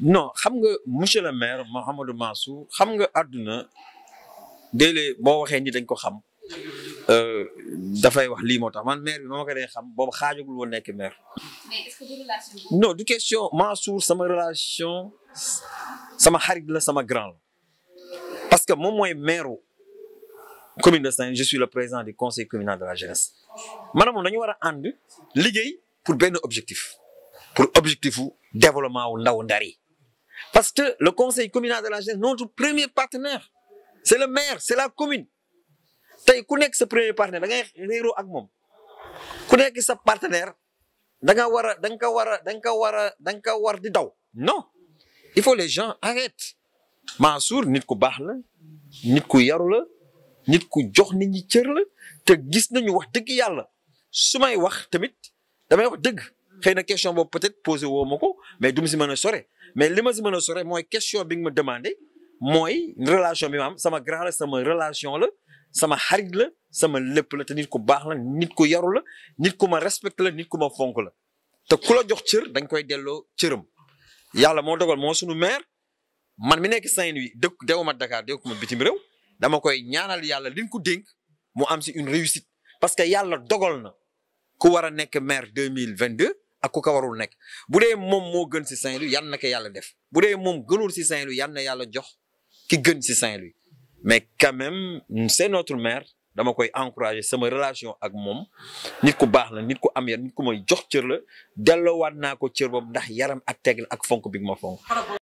non xam nga monsieur le maire Mouhamadou Mansour xam nga àdduna déedéet boo waxee ni dañ ko xam euh, dafay wax lii moo tax man maire bi ma ko dee xam boobu xaajagul woon nekk maire. mais est-ce que du relation. non question Mansour sama relation sama xarit la sama grand la parce que moom mooy maire commune de saint je suis le président du conseil communal de la jeunesse maanaam moom dañu war a ànd liggéey pour benn objectif pour objectif développement wu ndaw ndar yi parce que le conseil communal de la jeunesse notre premier partenaire c'est le maire c'est la commune tey ku nekk sa premier partenaire da ngay réeroo ak moom ku nekk sa partenaire da nga war a da nga war a da nga war a da ko war di daw non il faut les gens arrêtent Mansour nit ku baax la nit ku yaru la nit ku jox nit ñi cër la te gis nañu wax dëgg yàlla su may wax tamit damay wax dëgg xëy na question boobu peut-être posé woo ma ko mais du ma si mën a sore mais li si mën a sore mooy question bi nga ma demandé mooy relation bi ma am sama grand la sama relation la sama xarit la sama lépp la te nit ku baax la nit ku yaru la nit ku ma respecté la nit ku ma fonk la te ku la jox cër dañ koy delloo cëram yàlla moo dogal moo sunu maire man mi nekk Saint-Louis dëkk dewuma Dakar dewuma bitim réew dama koy ñaanal yàlla liñ ko dénk mu am si une réussite parce que yàlla dogal na ku war a nekk maire deux mille vingt deux ak ku ko warul nekk bu dee moom moo gën si Saint-Louis yan na ko yàlla def bu dee moom gënul si Saint-Louis yan na yàlla jox ki gën si Saint-Louis mais quand même c'est notre maire dama koy encourager sama relation ak moom nit ku baax la nit ku am yar nit ku may jox cër la delloowaat naa ko cër boobu ndax yaram ak teg ak fonk bi ma fonk